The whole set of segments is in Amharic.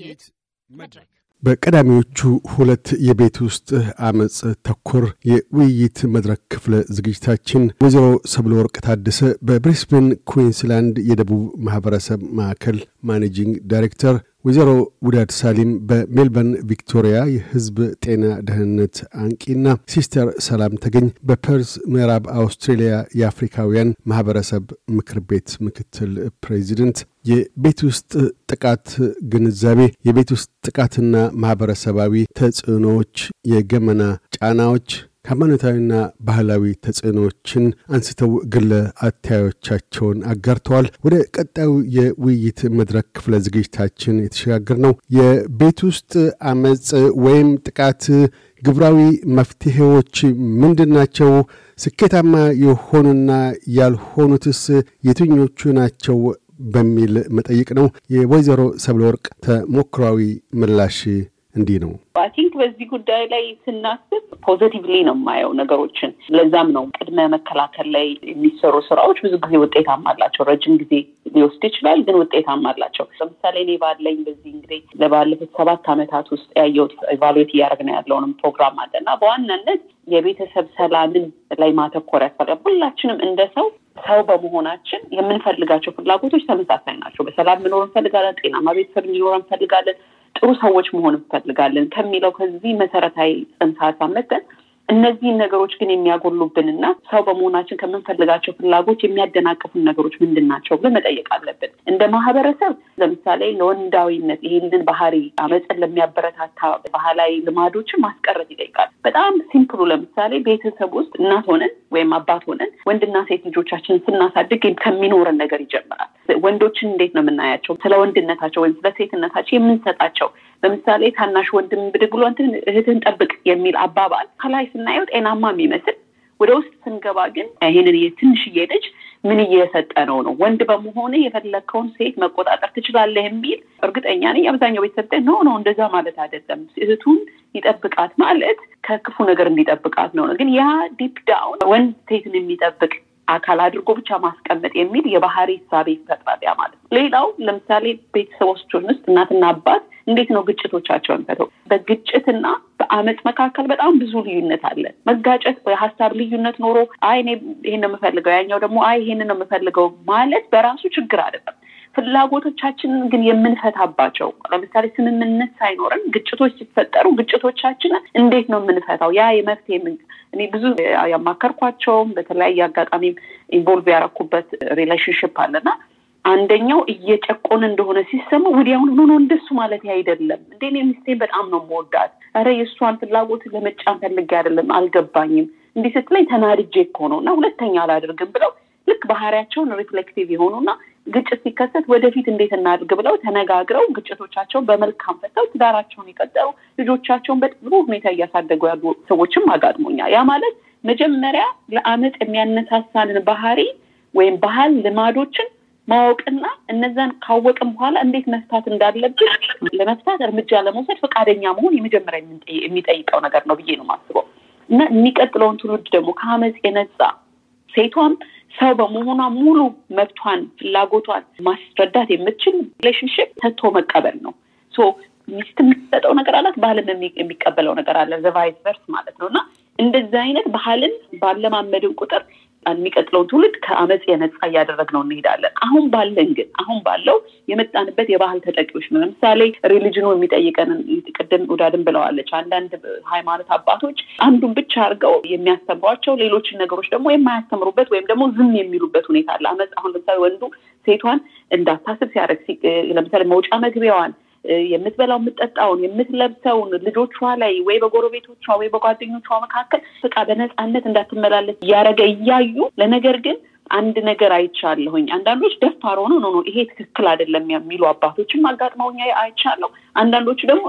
ውይይት መድረክ በቀዳሚዎቹ ሁለት የቤት ውስጥ አመፅ ተኮር የውይይት መድረክ ክፍለ ዝግጅታችን ወይዘሮ ሰብለ ወርቅ ታደሰ በብሪስቤን ኩዊንስላንድ የደቡብ ማህበረሰብ ማዕከል ማኔጂንግ ዳይሬክተር፣ ወይዘሮ ውዳድ ሳሊም በሜልበርን ቪክቶሪያ የህዝብ ጤና ደህንነት አንቂና ሲስተር ሰላም ተገኝ በፐርስ ምዕራብ አውስትሬልያ የአፍሪካውያን ማህበረሰብ ምክር ቤት ምክትል ፕሬዚደንት፣ የቤት ውስጥ ጥቃት ግንዛቤ፣ የቤት ውስጥ ጥቃትና ማህበረሰባዊ ተጽዕኖዎች፣ የገመና ጫናዎች ሃይማኖታዊና ባህላዊ ተጽዕኖዎችን አንስተው ግለ አታዮቻቸውን አጋርተዋል። ወደ ቀጣዩ የውይይት መድረክ ክፍለ ዝግጅታችን የተሸጋግር ነው። የቤት ውስጥ አመፅ ወይም ጥቃት ግብራዊ መፍትሄዎች ምንድን ናቸው? ስኬታማ የሆኑና ያልሆኑትስ የትኞቹ ናቸው? በሚል መጠይቅ ነው። የወይዘሮ ሰብለ ወርቅ ተሞክሯዊ ምላሽ እንዲህ ነው። አይ ቲንክ በዚህ ጉዳይ ላይ ስናስብ ፖዘቲቭሊ ነው የማየው ነገሮችን። ለዛም ነው ቅድመ መከላከል ላይ የሚሰሩ ስራዎች ብዙ ጊዜ ውጤታማ አላቸው። ረጅም ጊዜ ሊወስድ ይችላል፣ ግን ውጤታማ አላቸው። ለምሳሌ እኔ ባለኝ በዚህ እንግዲህ ለባለፉት ሰባት ዓመታት ውስጥ ያየሁት ኢቫሉዌት እያደረግን ያለውንም ፕሮግራም አለ እና በዋናነት የቤተሰብ ሰላምን ላይ ማተኮር ያስፈልጋል። ሁላችንም እንደ ሰው ሰው በመሆናችን የምንፈልጋቸው ፍላጎቶች ተመሳሳይ ናቸው። በሰላም መኖር እንፈልጋለን። ጤናማ ቤተሰብ እንዲኖር እንፈልጋለን። ጥሩ ሰዎች መሆን እንፈልጋለን ከሚለው ከዚህ መሰረታዊ ጽንሰ ሀሳብ መጠን እነዚህን ነገሮች ግን የሚያጎሉብን እና ሰው በመሆናችን ከምንፈልጋቸው ፍላጎች የሚያደናቅፉን ነገሮች ምንድን ናቸው ብለን መጠየቅ አለብን። እንደ ማህበረሰብ ለምሳሌ ለወንዳዊነት ይህንን ባህሪ አመፅን ለሚያበረታታ ባህላዊ ልማዶችን ማስቀረት ይጠይቃል። በጣም ሲምፕሉ ለምሳሌ ቤተሰብ ውስጥ እናት ሆነን ወይም አባት ሆነን ወንድና ሴት ልጆቻችንን ስናሳድግ ከሚኖረን ነገር ይጀምራል። ወንዶችን እንዴት ነው የምናያቸው? ስለ ወንድነታቸው ወይም ስለ ሴትነታቸው የምንሰጣቸው ለምሳሌ ታናሽ ወንድም ብድግ ብሎ እንትን እህትህን ጠብቅ የሚል አባባል ከላይ ስናየው ጤናማ የሚመስል ወደ ውስጥ ስንገባ ግን ይህንን ትንሽዬ ልጅ ምን እየሰጠ ነው ነው ወንድ በመሆነ የፈለግከውን ሴት መቆጣጠር ትችላለህ የሚል እርግጠኛ ነኝ አብዛኛው ቤተሰብ ኖ ነው እንደዛ ማለት አይደለም እህቱን ይጠብቃት ማለት ከክፉ ነገር እንዲጠብቃት ነው ግን ያ ዲፕ ዳውን ወንድ ሴትን የሚጠብቅ አካል አድርጎ ብቻ ማስቀመጥ የሚል የባህሪ ሳቤ ይፈጥራል። ያ ማለት ነው። ሌላው ለምሳሌ ቤተሰቦችን ውስጥ እናትና አባት እንዴት ነው ግጭቶቻቸውን ፈተው? በግጭትና በአመፅ መካከል በጣም ብዙ ልዩነት አለ። መጋጨት ሀሳብ ልዩነት ኖሮ አይ እኔ ይሄን ነው የምፈልገው፣ ያኛው ደግሞ አይ ይሄን ነው የምፈልገው ማለት በራሱ ችግር አይደለም። ፍላጎቶቻችንን ግን የምንፈታባቸው ለምሳሌ ስምምነት ሳይኖረን ግጭቶች ሲፈጠሩ ግጭቶቻችን እንዴት ነው የምንፈታው? ያ የመፍትሄ ምን እኔ ብዙ ያማከርኳቸውም በተለያየ አጋጣሚም ኢንቮልቭ ያረኩበት ሪሌሽንሽፕ አለና አንደኛው እየጨቆን እንደሆነ ሲሰማ ወዲያውኑ ሆኖ እንደሱ ማለት አይደለም እንዴ ሚስቴን በጣም ነው መወዳት፣ ረ የእሷን ፍላጎት ለመጫን ፈልጌ አይደለም አልገባኝም፣ እንዲህ ስትለኝ ተናድጄ እኮ ነው እና ሁለተኛ አላደርግም ብለው ልክ ባህሪያቸውን ሪፍሌክቲቭ የሆኑና ግጭት ሲከሰት ወደፊት እንዴት እናድርግ ብለው ተነጋግረው ግጭቶቻቸውን በመልካም ፈተው ትዳራቸውን የቀጠሩ ልጆቻቸውን በጥሩ ሁኔታ እያሳደጉ ያሉ ሰዎችም አጋጥሞኛል። ያ ማለት መጀመሪያ ለአመጥ የሚያነሳሳንን ባህሪ ወይም ባህል ልማዶችን ማወቅና እነዛን ካወቅን በኋላ እንዴት መፍታት እንዳለብን ለመፍታት እርምጃ ለመውሰድ ፈቃደኛ መሆን የመጀመሪያ የሚጠይቀው ነገር ነው ብዬ ነው የማስበው እና የሚቀጥለውን ትውልድ ደግሞ ከአመፅ የነጻ ሴቷም ሰው በመሆኗ ሙሉ መብቷን፣ ፍላጎቷን ማስረዳት የምትችል ሪሌሽንሽፕ ሰጥቶ መቀበል ነው። ሚስት የምትሰጠው ነገር አላት፣ ባህልም የሚቀበለው ነገር አለ። ዘቫይስ ቨርስ ማለት ነው እና እንደዚህ አይነት ባህልን ባለማመድን ቁጥር የሚቀጥለው ትውልድ ከአመፅ የነፃ ነው እንሄዳለን። አሁን ባለን ግን አሁን ባለው የመጣንበት የባህል ተጠቂዎች ነው። ለምሳሌ ሪሊጅኑ የሚጠይቀንን ቅድም ውዳድን ብለዋለች። አንዳንድ ሃይማኖት አባቶች አንዱን ብቻ አድርገው የሚያስተምሯቸው ሌሎችን ነገሮች ደግሞ የማያስተምሩበት ወይም ደግሞ ዝም የሚሉበት ሁኔታ አለ። አመፅ አሁን ለምሳሌ ወንዱ ሴቷን እንዳታስብ ሲያደርግ ለምሳሌ መውጫ መግቢያዋን የምትበላው የምጠጣውን የምትለብሰውን ልጆቿ ላይ ወይ በጎረቤቶቿ ወይ በጓደኞቿ መካከል በቃ በነፃነት እንዳትመላለስ እያደረገ እያዩ ለነገር ግን አንድ ነገር አይቻለሁኝ። አንዳንዶች ደፋር ሆኖ ነው ነው ይሄ ትክክል አይደለም የሚሉ አባቶችም አጋጥመውኛ አይቻለሁ። አንዳንዶቹ ደግሞ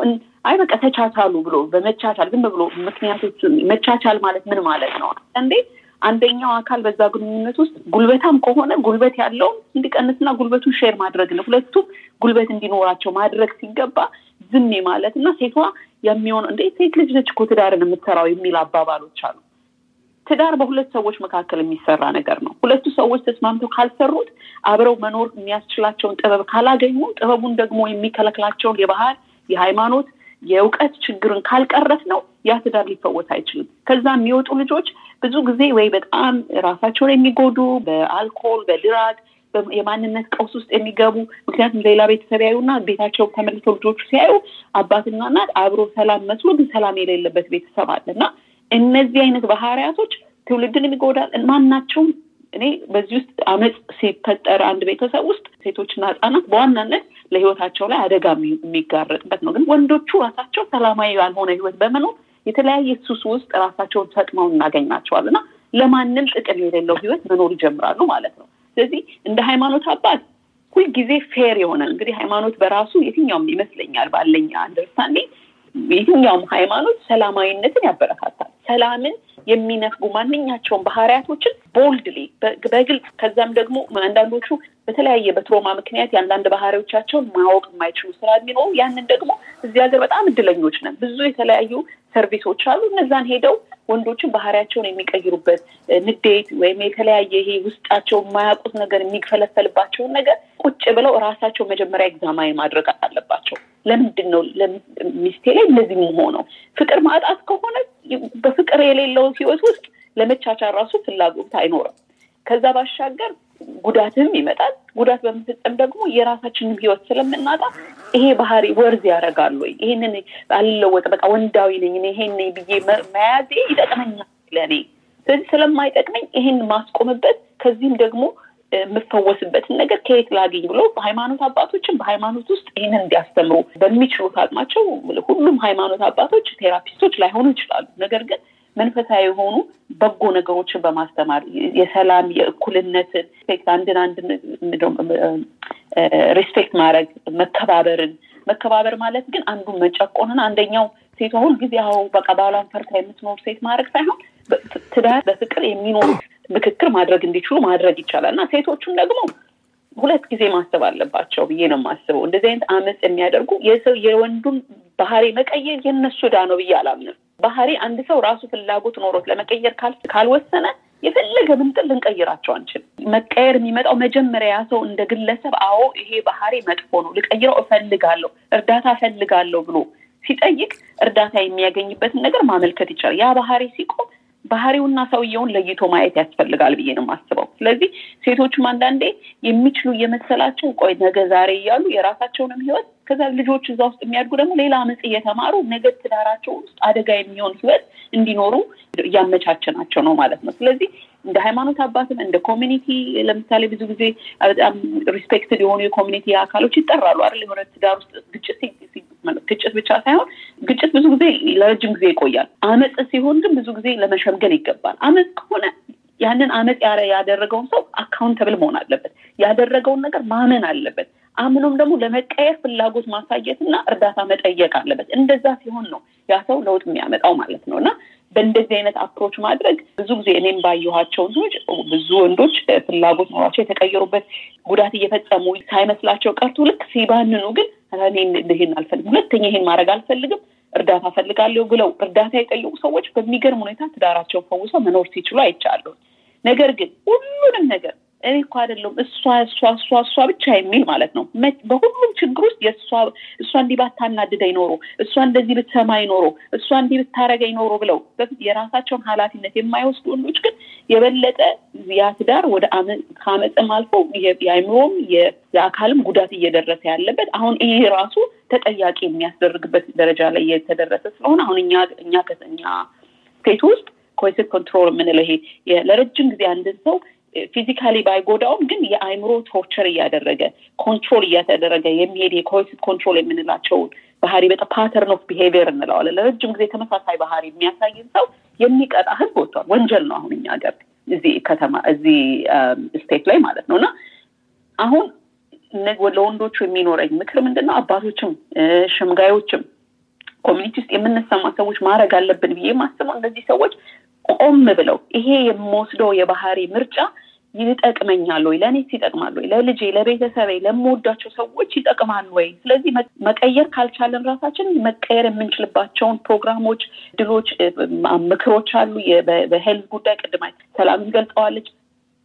አይ በቃ ተቻቻሉ ብሎ በመቻቻል ዝም ብሎ ምክንያቶች መቻቻል ማለት ምን ማለት ነው እንዴ አንደኛው አካል በዛ ግንኙነት ውስጥ ጉልበታም ከሆነ ጉልበት ያለውን እንዲቀንስና ጉልበቱን ሼር ማድረግ ነው። ሁለቱም ጉልበት እንዲኖራቸው ማድረግ ሲገባ ዝም ማለት እና ሴቷ የሚሆነው እንደ ሴት ልጅ ነች እኮ ትዳርን የምትሰራው የሚል አባባሎች አሉ። ትዳር በሁለት ሰዎች መካከል የሚሰራ ነገር ነው። ሁለቱ ሰዎች ተስማምተው ካልሰሩት አብረው መኖር የሚያስችላቸውን ጥበብ ካላገኙ፣ ጥበቡን ደግሞ የሚከለክላቸውን የባህል፣ የሃይማኖት፣ የእውቀት ችግርን ካልቀረፍ ነው ያ ትዳር ሊፈወስ አይችልም። ከዛ የሚወጡ ልጆች ብዙ ጊዜ ወይ በጣም ራሳቸውን የሚጎዱ በአልኮል፣ በድራግ፣ የማንነት ቀውስ ውስጥ የሚገቡ ምክንያቱም ሌላ ቤተሰብ ያዩና ቤታቸው ተመልሰው ልጆቹ ሲያዩ አባትና እናት አብሮ ሰላም መስሎ ግን ሰላም የሌለበት ቤተሰብ አለ እና እነዚህ አይነት ባህሪያቶች ትውልድን የሚጎዳል ማናቸውም እኔ በዚህ ውስጥ አመፅ ሲፈጠር አንድ ቤተሰብ ውስጥ ሴቶችና ህጻናት በዋናነት ለህይወታቸው ላይ አደጋ የሚጋረጥበት ነው። ግን ወንዶቹ ራሳቸው ሰላማዊ ያልሆነ ህይወት በመኖር የተለያየ ሱስ ውስጥ ራሳቸውን ሰጥመው እናገኛቸዋል እና ለማንም ጥቅም የሌለው ህይወት መኖር ይጀምራሉ ማለት ነው። ስለዚህ እንደ ሃይማኖት አባት ሁልጊዜ ፌር የሆነ እንግዲህ ሃይማኖት በራሱ የትኛውም ይመስለኛል ባለኛ አንደርስታንዴ የትኛውም ሃይማኖት ሰላማዊነትን ያበረታታል። ሰላምን የሚነፍጉ ማንኛቸውም ባህሪያቶችን ቦልድሊ በግልጽ ከዛም ደግሞ አንዳንዶቹ በተለያየ በትሮማ ምክንያት የአንዳንድ ባህሪዎቻቸውን ማወቅ የማይችሉ ስራ የሚኖሩ ያንን ደግሞ እዚህ ሀገር በጣም እድለኞች ነን። ብዙ የተለያዩ ሰርቪሶች አሉ። እነዛን ሄደው ወንዶችን ባህሪያቸውን የሚቀይሩበት ንዴት ወይም የተለያየ ይሄ ውስጣቸው የማያውቁት ነገር የሚፈለፈልባቸውን ነገር ቁጭ ብለው እራሳቸው መጀመሪያ ኤግዛማዊ ማድረግ አለባቸው። ለምንድን ነው ሚስቴ ላይ እንደዚህ መሆነው? ፍቅር ማጣት ከሆነ በፍቅር የሌለው ህይወት ውስጥ ለመቻቻል ራሱ ፍላጎት አይኖርም። ከዛ ባሻገር ጉዳትም ይመጣል። ጉዳት በመፈጸም ደግሞ የራሳችንም ህይወት ስለምናጣ ይሄ ባህሪ ወርዝ ያደርጋል ወይ ይሄንን አልለወጥ በቃ ወንዳዊ ነኝ ይሄን ብዬ መያዜ ይጠቅመኛል ለእኔ ስለዚህ ስለማይጠቅመኝ ይሄን ማስቆምበት ከዚህም ደግሞ የምፈወስበትን ነገር ከየት ላገኝ ብሎ በሃይማኖት አባቶችን በሃይማኖት ውስጥ ይህንን እንዲያስተምሩ በሚችሉት አቅማቸው ሁሉም ሃይማኖት አባቶች ቴራፒስቶች ላይሆኑ ይችላሉ። ነገር ግን መንፈሳዊ የሆኑ በጎ ነገሮችን በማስተማር የሰላም የእኩልነትን አንድን አንድን ሪስፔክት ማድረግ መከባበርን መከባበር ማለት ግን አንዱ መጨቆንን አንደኛው ሴቷ ሁልጊዜ አሁን በቃ ባሏን ፈርታ የምትኖር ሴት ማድረግ ሳይሆን ትዳር በፍቅር የሚኖሩ ምክክር ማድረግ እንዲችሉ ማድረግ ይቻላል እና ሴቶቹም ደግሞ ሁለት ጊዜ ማሰብ አለባቸው ብዬ ነው የማስበው። እንደዚህ አይነት አመፅ የሚያደርጉ የሰው የወንዱን ባህሪ መቀየር የነሱ ዳ ነው ብዬ አላምንም። ባህሪ አንድ ሰው ራሱ ፍላጎት ኖሮት ለመቀየር ካልወሰነ የፈለገ ምንጥል ልንቀይራቸው አንችል። መቀየር የሚመጣው መጀመሪያ ያ ሰው እንደ ግለሰብ አዎ ይሄ ባህሪ መጥፎ ነው፣ ልቀይረው እፈልጋለሁ፣ እርዳታ እፈልጋለሁ ብሎ ሲጠይቅ እርዳታ የሚያገኝበትን ነገር ማመልከት ይቻላል። ያ ባህሪ ሲቆም ባህሪውና ሰውየውን ለይቶ ማየት ያስፈልጋል ብዬ ነው የማስበው። ስለዚህ ሴቶችም አንዳንዴ የሚችሉ የመሰላቸው ቆይ ነገ ዛሬ እያሉ የራሳቸውንም ህይወት ከዛ ልጆች እዛ ውስጥ የሚያድጉ ደግሞ ሌላ አመፅ እየተማሩ ነገ ትዳራቸው ውስጥ አደጋ የሚሆን ህይወት እንዲኖሩ እያመቻቸናቸው ነው ማለት ነው። ስለዚህ እንደ ሃይማኖት አባትም እንደ ኮሚኒቲ ለምሳሌ ብዙ ጊዜ በጣም ሪስፔክትድ የሆኑ የኮሚኒቲ አካሎች ይጠራሉ አይደል? የሆነ ትዳር ውስጥ ግጭት ግጭት ብቻ ሳይሆን ግጭት ብዙ ጊዜ ለረጅም ጊዜ ይቆያል። አመፅ ሲሆን ግን ብዙ ጊዜ ለመሸምገል ይገባል። አመፅ ከሆነ ያንን አመፅ ያደረገውን ሰው አካውንተብል መሆን አለበት። ያደረገውን ነገር ማመን አለበት። አምኖም ደግሞ ለመቀየር ፍላጎት ማሳየትና እርዳታ መጠየቅ አለበት። እንደዛ ሲሆን ነው ያ ሰው ለውጥ የሚያመጣው ማለት ነው እና በእንደዚህ አይነት አፕሮች ማድረግ ብዙ ጊዜ እኔም ባየኋቸው እንትኖች ብዙ ወንዶች ፍላጎት ኖሯቸው የተቀየሩበት ጉዳት እየፈጸሙ ሳይመስላቸው ቀርቶ ልክ ሲባንኑ ግን እኔ ይሄን አልፈልግ ሁለተኛ ይሄን ማድረግ አልፈልግም፣ እርዳታ ፈልጋለሁ ብለው እርዳታ የጠየቁ ሰዎች በሚገርም ሁኔታ ትዳራቸውን ፈውሰው መኖር ሲችሉ አይቻለሁ። ነገር ግን ሁሉንም ነገር እኔ እኮ አይደለም እሷ እሷ እሷ እሷ ብቻ የሚል ማለት ነው። በሁሉም ችግር ውስጥ የእሷ እሷ እንዲህ ባታናድደ ይኖሩ እሷ እንደዚህ ብትሰማ ይኖሩ እሷ እንዲህ ብታረገኝ ይኖሩ ብለው የራሳቸውን ኃላፊነት የማይወስዱ ወንዶች ግን የበለጠ ያ ትዳር ወደ ከአመፅም አልፎ የአይምሮም የአካልም ጉዳት እየደረሰ ያለበት አሁን ይሄ ራሱ ተጠያቂ የሚያስደርግበት ደረጃ ላይ የተደረሰ ስለሆነ አሁን እኛ እኛ ከኛ ስቴት ውስጥ ኮይስ ኮንትሮል የምንለው ይሄ ለረጅም ጊዜ አንድን ሰው ፊዚካሊ ባይጎዳውም ግን የአእምሮ ቶርቸር እያደረገ ኮንትሮል እያተደረገ የሚሄድ የኮርስ ኮንትሮል የምንላቸውን ባህሪ በጣ ፓተርን ኦፍ ቢሄቪየር እንለዋለን። ለረጅም ጊዜ ተመሳሳይ ባህሪ የሚያሳይን ሰው የሚቀጣ ህግ ወጥቷል። ወንጀል ነው አሁን እኛ ገር እዚህ ከተማ እዚህ ስቴት ላይ ማለት ነው እና አሁን ለወንዶቹ የሚኖረኝ ምክር ምንድን ነው? አባቶችም ሽምጋዮችም ኮሚኒቲ ውስጥ የምንሰማ ሰዎች ማድረግ አለብን ብዬ ማስበው እነዚህ ሰዎች ቆም ብለው ይሄ የምወስደው የባህሪ ምርጫ ይጠቅመኛል ወይ፣ ለእኔ ይጠቅማል ወይ፣ ለልጄ፣ ለቤተሰቤ፣ ለምወዳቸው ሰዎች ይጠቅማል ወይ? ስለዚህ መቀየር ካልቻለን ራሳችን መቀየር የምንችልባቸውን ፕሮግራሞች፣ ድሎች፣ ምክሮች አሉ። በሄልዝ ጉዳይ ቅድማ ሰላም ገልጸዋለች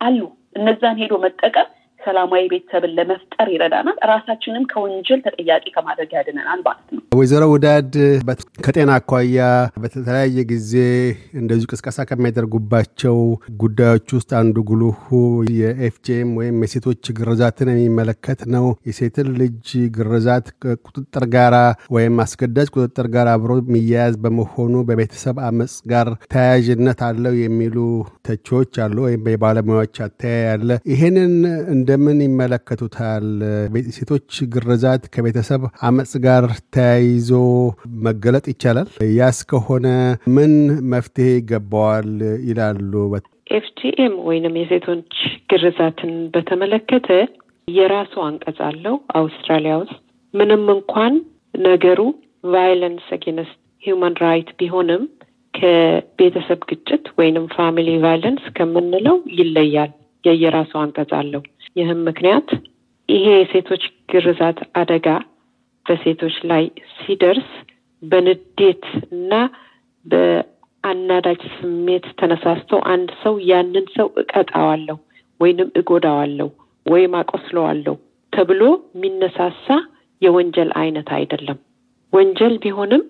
አሉ። እነዛን ሄዶ መጠቀም ሰላማዊ ቤተሰብን ለመፍጠር ይረዳናል። ራሳችንም ከወንጀል ተጠያቂ ከማድረግ ያድነናል ማለት ነው። ወይዘሮ ውዳድ ከጤና አኳያ በተለያየ ጊዜ እንደዚሁ ቅስቀሳ ከሚያደርጉባቸው ጉዳዮች ውስጥ አንዱ ጉልሁ የኤፍጂኤም ወይም የሴቶች ግርዛትን የሚመለከት ነው። የሴትን ልጅ ግርዛት ቁጥጥር ጋራ ወይም አስገዳጅ ቁጥጥር ጋር አብሮ የሚያያዝ በመሆኑ በቤተሰብ አመፅ ጋር ተያያዥነት አለው የሚሉ ተቺዎች አሉ፣ ወይም የባለሙያዎች አተያይ አለ። ይሄንን እንደ እንደምን ይመለከቱታል? ሴቶች ግርዛት ከቤተሰብ አመፅ ጋር ተያይዞ መገለጥ ይቻላል? ያስ ከሆነ ምን መፍትሄ ይገባዋል ይላሉ? ኤፍጂኤም ወይንም የሴቶች ግርዛትን በተመለከተ የራሱ አንቀጽ አለው አውስትራሊያ ውስጥ። ምንም እንኳን ነገሩ ቫይለንስ አጌንስት ሂውማን ራይት ቢሆንም ከቤተሰብ ግጭት ወይንም ፋሚሊ ቫይለንስ ከምንለው ይለያል። የየራሱ አንቀጽ አለው። ይህም ምክንያት ይሄ የሴቶች ግርዛት አደጋ በሴቶች ላይ ሲደርስ በንዴት እና በአናዳጅ ስሜት ተነሳስቶ አንድ ሰው ያንን ሰው እቀጣዋለሁ ወይንም እጎዳዋለሁ ወይም አቆስለዋለሁ ተብሎ የሚነሳሳ የወንጀል አይነት አይደለም። ወንጀል ቢሆንም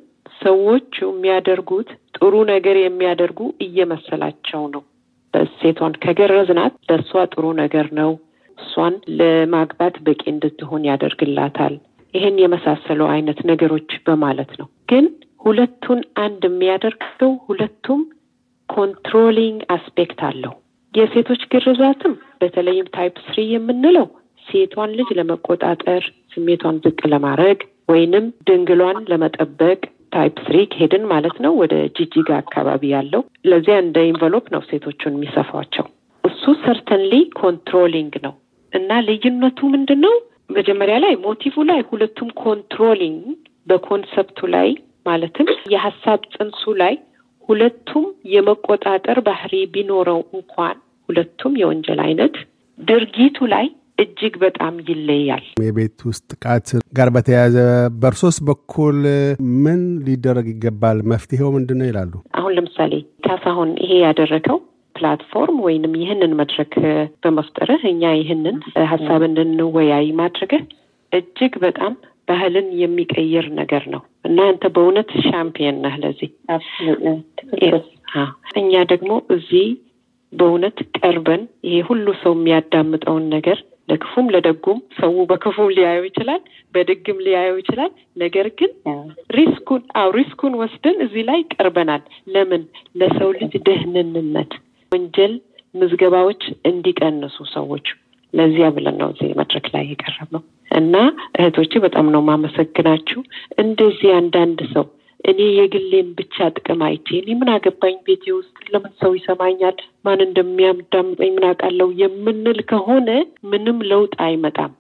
ሰዎቹ የሚያደርጉት ጥሩ ነገር የሚያደርጉ እየመሰላቸው ነው። ሴቷን ከገረዝናት ለእሷ ጥሩ ነገር ነው እሷን ለማግባት በቂ እንድትሆን ያደርግላታል። ይህን የመሳሰሉ አይነት ነገሮች በማለት ነው። ግን ሁለቱን አንድ የሚያደርገው ሁለቱም ኮንትሮሊንግ አስፔክት አለው። የሴቶች ግርዛትም በተለይም ታይፕ ስሪ የምንለው ሴቷን ልጅ ለመቆጣጠር ስሜቷን ዝቅ ለማድረግ ወይንም ድንግሏን ለመጠበቅ ታይፕ ስሪ ሄድን ማለት ነው። ወደ ጂጂጋ አካባቢ ያለው ለዚያ እንደ ኢንቨሎፕ ነው ሴቶቹን የሚሰፋቸው። እሱ ሰርተንሊ ኮንትሮሊንግ ነው። እና ልዩነቱ ምንድን ነው? መጀመሪያ ላይ ሞቲቭ ላይ ሁለቱም ኮንትሮሊንግ በኮንሰፕቱ ላይ ማለትም የሀሳብ ጽንሱ ላይ ሁለቱም የመቆጣጠር ባህሪ ቢኖረው እንኳን ሁለቱም የወንጀል አይነት ድርጊቱ ላይ እጅግ በጣም ይለያል። የቤት ውስጥ ጥቃት ጋር በተያያዘ በእርሶስ በኩል ምን ሊደረግ ይገባል? መፍትሄው ምንድን ነው ይላሉ? አሁን ለምሳሌ ካሳሁን ይሄ ያደረገው ፕላትፎርም ወይንም ይህንን መድረክ በመፍጠርህ እኛ ይህንን ሀሳብ እንድንወያይ ማድረግህ እጅግ በጣም ባህልን የሚቀይር ነገር ነው እና አንተ በእውነት ሻምፒየን ነህ ለዚህ። እኛ ደግሞ እዚህ በእውነት ቀርበን ይሄ ሁሉ ሰው የሚያዳምጠውን ነገር ለክፉም ለደጉም ሰው በክፉም ሊያየው ይችላል፣ በደግም ሊያየው ይችላል። ነገር ግን ሪስኩን አው ሪስኩን ወስደን እዚህ ላይ ቀርበናል። ለምን ለሰው ልጅ ደህንነት ወንጀል ምዝገባዎች እንዲቀንሱ ሰዎች ለዚያ ብለን ነው እዚህ መድረክ ላይ ነው እና እህቶቼ በጣም ነው ማመሰግናችሁ። እንደዚህ አንዳንድ ሰው እኔ የግሌን ብቻ ጥቅም አይቼ እኔ ምን አገባኝ ቤቴ ውስጥ ለምን ሰው ይሰማኛል፣ ማን እንደሚያዳምጠኝ ምን አውቃለሁ የምንል ከሆነ ምንም ለውጥ አይመጣም።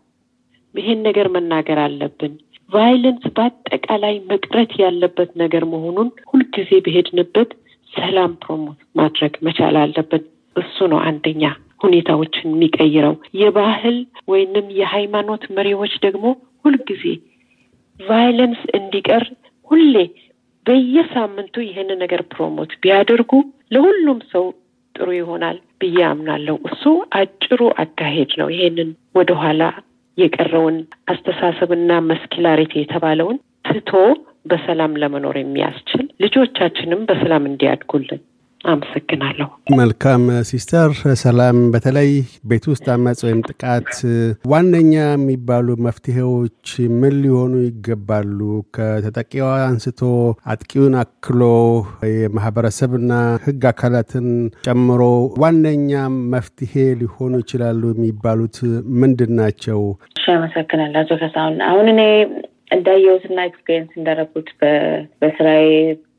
ይሄን ነገር መናገር አለብን። ቫይለንስ በአጠቃላይ መቅረት ያለበት ነገር መሆኑን ሁልጊዜ በሄድንበት ሰላም ፕሮሞት ማድረግ መቻል አለብን። እሱ ነው አንደኛ ሁኔታዎችን የሚቀይረው። የባህል ወይንም የሃይማኖት መሪዎች ደግሞ ሁልጊዜ ቫይለንስ እንዲቀር ሁሌ በየሳምንቱ ይህን ነገር ፕሮሞት ቢያደርጉ ለሁሉም ሰው ጥሩ ይሆናል ብዬ አምናለሁ። እሱ አጭሩ አካሄድ ነው። ይሄንን ወደኋላ የቀረውን አስተሳሰብና መስኪላሪቲ የተባለውን ትቶ በሰላም ለመኖር የሚያስችል ልጆቻችንም በሰላም እንዲያድጉልን አመሰግናለሁ። መልካም ሲስተር ሰላም። በተለይ ቤት ውስጥ አመፅ ወይም ጥቃት ዋነኛ የሚባሉ መፍትሄዎች ምን ሊሆኑ ይገባሉ? ከተጠቂዋ አንስቶ አጥቂውን አክሎ የማህበረሰብና ሕግ አካላትን ጨምሮ ዋነኛ መፍትሄ ሊሆኑ ይችላሉ የሚባሉት ምንድን ናቸው? አመሰግናለሁ አቶ ከሳሁን። አሁን እኔ እንዳየሁትና ኤክስፔሪንስ እንዳረጉት በስራዬ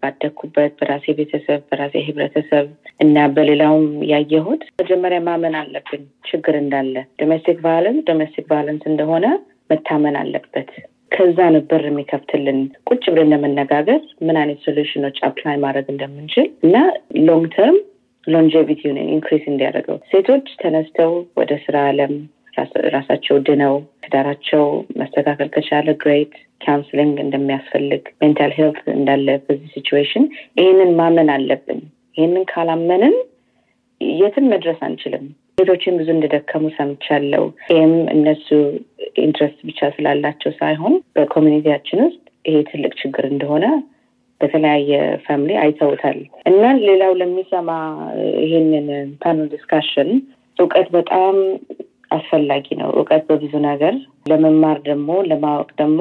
ባደግኩበት በራሴ ቤተሰብ በራሴ ህብረተሰብ እና በሌላውም ያየሁት መጀመሪያ ማመን አለብን ችግር እንዳለ ዶሜስቲክ ቫለንስ ዶሜስቲክ ቫለንስ እንደሆነ መታመን አለበት ከዛ ነበር የሚከፍትልን ቁጭ ብለን ለመነጋገር ምን አይነት ሶሉሽኖች አፕላይ ማድረግ እንደምንችል እና ሎንግ ተርም ሎንጀቪቲ ኢንክሪስ እንዲያደርገው ሴቶች ተነስተው ወደ ስራ አለም ራሳቸው ድነው ትዳራቸው መስተካከል ከቻለ ግሬት ካውንስሊንግ እንደሚያስፈልግ ሜንታል ሄልት እንዳለ በዚህ ሲቹዌሽን ይህንን ማመን አለብን። ይህንን ካላመንን የትም መድረስ አንችልም። ሌሎችን ብዙ እንደደከሙ ሰምቻለው። ይህም እነሱ ኢንትረስት ብቻ ስላላቸው ሳይሆን በኮሚኒቲያችን ውስጥ ይሄ ትልቅ ችግር እንደሆነ በተለያየ ፋሚሊ አይተውታል እና ሌላው ለሚሰማ ይሄንን ፓኖ ዲስካሽን እውቀት በጣም አስፈላጊ ነው። እውቀት በብዙ ነገር ለመማር ደግሞ ለማወቅ ደግሞ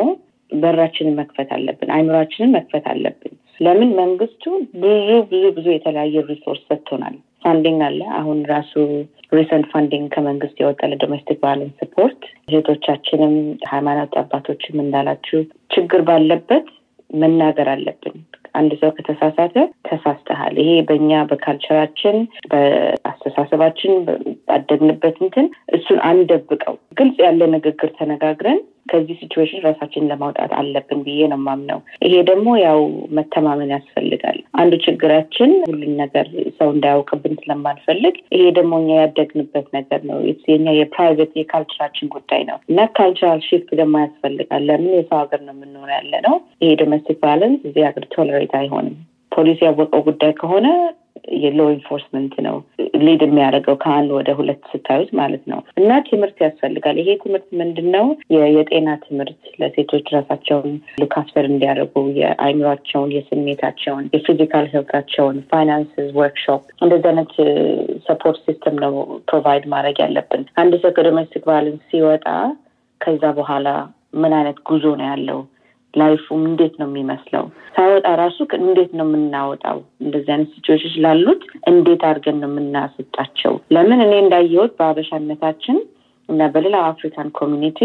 በራችንን መክፈት አለብን። አይምሯችንን መክፈት አለብን። ለምን መንግስቱ ብዙ ብዙ ብዙ የተለያየ ሪሶርስ ሰጥቶናል። ፋንዲንግ አለ። አሁን ራሱ ሪሰንት ፋንዲንግ ከመንግስት የወጣ ለዶሜስቲክ ቫዮለንስ ስፖርት እህቶቻችንም ሃይማኖት አባቶችም እንዳላችሁ ችግር ባለበት መናገር አለብን። አንድ ሰው ከተሳሳተ ተሳስተሃል፣ ይሄ በእኛ በካልቸራችን በአስተሳሰባችን ባደግንበት እንትን እሱን አንደብቀው፣ ግልጽ ያለ ንግግር ተነጋግረን ከዚህ ሲትዌሽን ራሳችን ለማውጣት አለብን ብዬ ነው ማምነው። ይሄ ደግሞ ያው መተማመን ያስፈልጋል። አንዱ ችግራችን ሁሉን ነገር ሰው እንዳያውቅብን ስለማንፈልግ፣ ይሄ ደግሞ እኛ ያደግንበት ነገር ነው። የኛ የፕራይቬት የካልቸራችን ጉዳይ ነው እና ካልቸራል ሺፍት ደግሞ ያስፈልጋል። ለምን የሰው ሀገር ነው የምንሆነ ያለ ነው። ይሄ ዶሜስቲክ ቫለንስ እዚህ ሀገር ቶለሬት አይሆንም። ፖሊስ ያወቀው ጉዳይ ከሆነ የሎ ኢንፎርስመንት ነው ሊድ የሚያደርገው ከአንድ ወደ ሁለት ስታዩት ማለት ነው። እና ትምህርት ያስፈልጋል። ይሄ ትምህርት ምንድን ነው? የጤና ትምህርት ለሴቶች ራሳቸውን ሉካፍተር እንዲያደርጉ የአይምሯቸውን፣ የስሜታቸውን፣ የፊዚካል ህብታቸውን ፋይናንስ ወርክሾፕ እንደዚህ አይነት ሰፖርት ሲስተም ነው ፕሮቫይድ ማድረግ ያለብን። አንድ ሰው ከዶሜስቲክ ቫዮለንስ ሲወጣ ከዛ በኋላ ምን አይነት ጉዞ ነው ያለው ላይፉም እንዴት ነው የሚመስለው ሳይወጣ ራሱ እንዴት ነው የምናወጣው እንደዚህ አይነት ሲትዌሽን ላሉት እንዴት አድርገን ነው የምናስወጣቸው ለምን እኔ እንዳየሁት በአበሻነታችን እና በሌላ አፍሪካን ኮሚኒቲ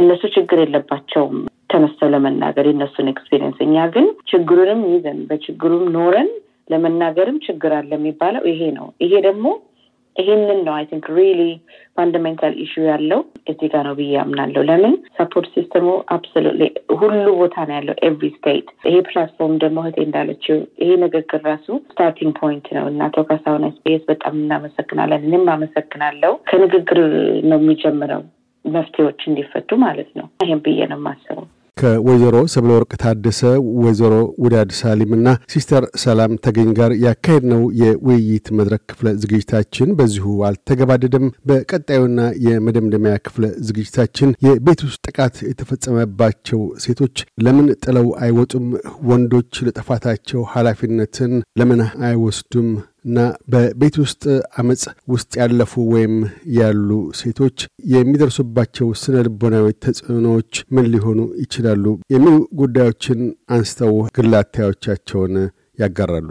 እነሱ ችግር የለባቸውም ተነስተው ለመናገር የእነሱን ኤክስፔሪንስ እኛ ግን ችግሩንም ይዘን በችግሩም ኖረን ለመናገርም ችግር አለ የሚባለው ይሄ ነው ይሄ ደግሞ ይሄንን ነው አይ ቲንክ ሪሊ ፋንዳሜንታል ኢሹ ያለው እዚህ ጋር ነው ብዬ አምናለሁ። ለምን ሰፖርት ሲስተሙ አብሶሉትሊ ሁሉ ቦታ ነው ያለው ኤቭሪ ስቴት። ይሄ ፕላትፎርም ደግሞ እህቴ እንዳለችው ይሄ ንግግር ራሱ ስታርቲንግ ፖይንት ነው እና ቶካሳሁን ኤስቢኤስ በጣም እናመሰግናለን። እኔም አመሰግናለሁ። ከንግግር ነው የሚጀምረው መፍትሄዎች እንዲፈቱ ማለት ነው። ይህም ብዬ ነው የማስበው። ከወይዘሮ ሰብለ ወርቅ ታደሰ፣ ወይዘሮ ውዳድ ሳሊም እና ሲስተር ሰላም ተገኝ ጋር ያካሄድነው የውይይት መድረክ ክፍለ ዝግጅታችን በዚሁ አልተገባደደም። በቀጣዩና የመደምደሚያ ክፍለ ዝግጅታችን የቤት ውስጥ ጥቃት የተፈጸመባቸው ሴቶች ለምን ጥለው አይወጡም? ወንዶች ለጥፋታቸው ኃላፊነትን ለምን አይወስዱም? እና በቤት ውስጥ አመፅ ውስጥ ያለፉ ወይም ያሉ ሴቶች የሚደርሱባቸው ስነ ልቦናዊ ተጽዕኖዎች ምን ሊሆኑ ይችላሉ የሚሉ ጉዳዮችን አንስተው ግላታዮቻቸውን ያጋራሉ።